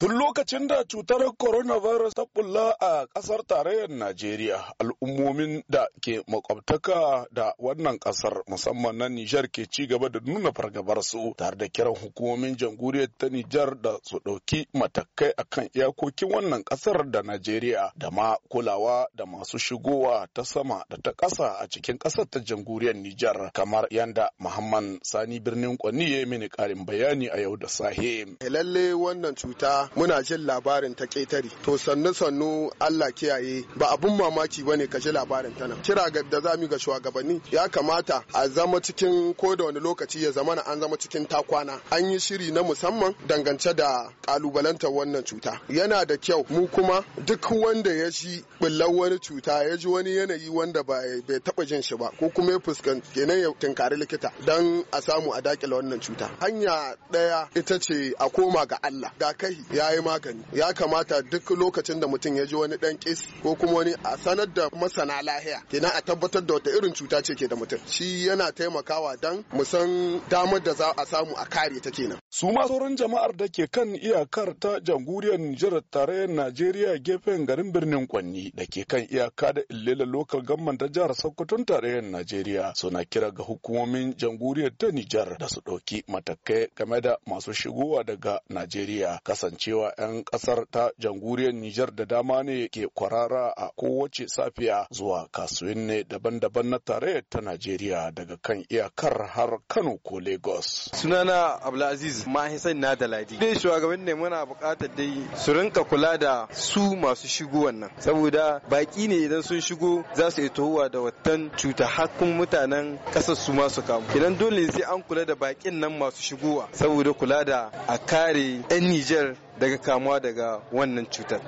Tun lokacin da cutar coronavirus ta bulla a ƙasar tarayyar Najeriya, al'ummomin da ke makwabtaka da wannan ƙasar musamman na Nijar ke ci gaba da nuna fargabarsu, tare da kiran hukumomin jamhuriyar ta Nijar da su ɗauki matakai akan iyakokin wannan ƙasar da Najeriya da ma kulawa da masu shigowa ta sama da ta ƙasa a cikin ƙasar ta jamhuriyar Nijar kamar yanda Muhammad Sani birnin Kwani ya mini ƙarin bayani a yau da sahe. Eh, lalle wannan cuta muna jin labarin ta ƙetare to sannu sannu Allah kiyaye ba abun mamaki bane ka ji labarin ta nan kira da zamu ga shugabanni ya kamata a zama cikin ko da wani lokaci ya zama an zama cikin takwana an yi shiri na musamman dangance da kalubalantar wannan cuta yana da kyau mu kuma duk wanda ya ji bullar wani cuta ya ji wani yanayi wanda bai taba jin shi ba ko kuma ya fuskanci kenan ya tinkari likita dan a samu a dakile wannan cuta hanya ɗaya ita ce a koma ga Allah da kai ya yi magani ya kamata duk lokacin da mutum ya ji wani dan kis ko kuma wani a sanar da masana lahiya kenan a tabbatar da wata irin cuta ce ke da mutum shi yana taimakawa dan mu san damar da za a samu a kare ta kenan su ma sauran jama'ar da ke kan iyakar ta jamhuriyar Nijar tarayyar Najeriya gefen garin birnin Kwanni da ke kan iyaka da Illela local government ta jihar Sokoton tarayyar Najeriya suna kira ga hukumomin jamhuriyar ta Nijar da su ɗauki matakai game da masu shigowa daga Najeriya kasance cewa 'yan kasar ta jamhuriyar Nijar da dama ne ke kwarara a kowace safiya zuwa kasuwanni daban-daban na tarayyar ta Najeriya daga kan iyakar har Kano ko Lagos. Sunana Abdulaziz Mahisan Nadaladi. Dai shugaban ne muna buƙatar dai su rinka kula da su masu shigo wannan saboda baki ne idan sun shigo za su yi tohuwa da watan cuta hakun mutanen ƙasar su masu kamu. Idan dole sai an kula da bakin nan masu shigowa saboda kula da a kare 'yan Nijar daga kamuwa daga wannan cutar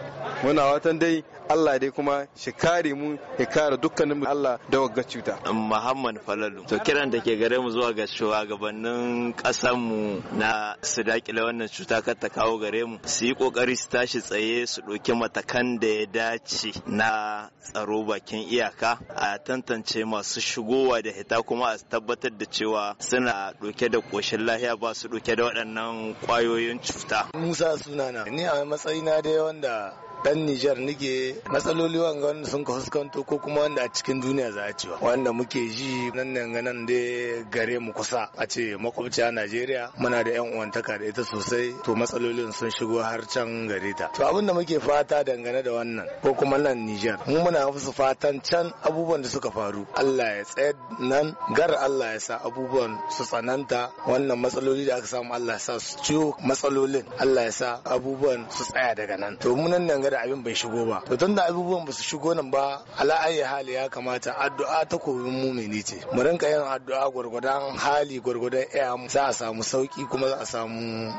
muna watan dai Allah dai kuma shi kare mu ya kare dukkanin mu Allah da wagga cuta Muhammad Falalu to kiran da ke gare mu zuwa ga shugabannin ƙasar mu na su dakile wannan cuta kar ta kawo gare mu su yi kokari su tashi tsaye su ɗauki matakan da ya dace na tsaro bakin iyaka a tantance masu shigowa da hita kuma a tabbatar da cewa suna ɗauke da koshin lahiya ba su ɗauke da waɗannan kwayoyin cuta Musa suna sunana ni a matsayina dai wanda dan Nijar nike matsaloli wanga wanda sun ka fuskanto ko kuma wanda a cikin duniya za a cewa wanda muke ji nan nan nan da gare mu kusa a ce makwabciya Najeriya muna da yan uwantaka da ita sosai to matsalolin sun shigo har can gare ta to abinda muke fata dangane da wannan ko kuma nan Nijar mu muna musu fatan can abubuwan da suka faru Allah ya tsayar nan gar Allah ya sa abubuwan su tsananta wannan matsaloli da aka samu Allah ya sa su ciwo matsalolin Allah ya sa abubuwan su tsaya daga nan to mu nan da abin bai shigo ba to tunda abubuwan ba su shigo nan ba ala ayi hali ya kamata addu'a ta kobin mumini ce mu rinka yin addu'a gwargwadon hali gwargwadon iya za a samu sauki kuma za a samu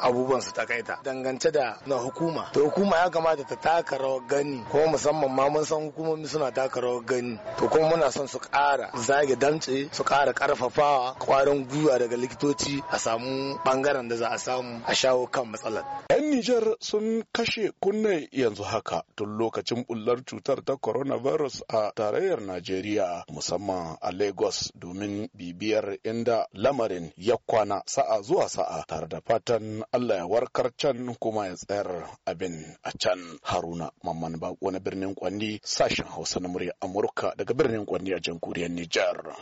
abubuwan su takaita dangance da na hukuma to hukuma ya kamata ta taka rawar gani ko musamman ma mun san hukumomi suna taka rawar gani to kuma muna son su ƙara zage damce su ƙara karfafawa kwarin gwiwa daga likitoci a samu bangaren da za a samu a shawo kan matsalar yan nijar sun kashe kunne yanzu haka tun lokacin bullar cutar ta coronavirus a tarayyar najeriya musamman a lagos domin bibiyar inda lamarin ya kwana sa'a zuwa sa'a tare da fatan Allah ya warkar can kuma ya tsayar abin a can Haruna Mamman Bako na birnin kwandi sashen Hausa na murya Amurka daga birnin kwandi a jamhuriyar Nijar.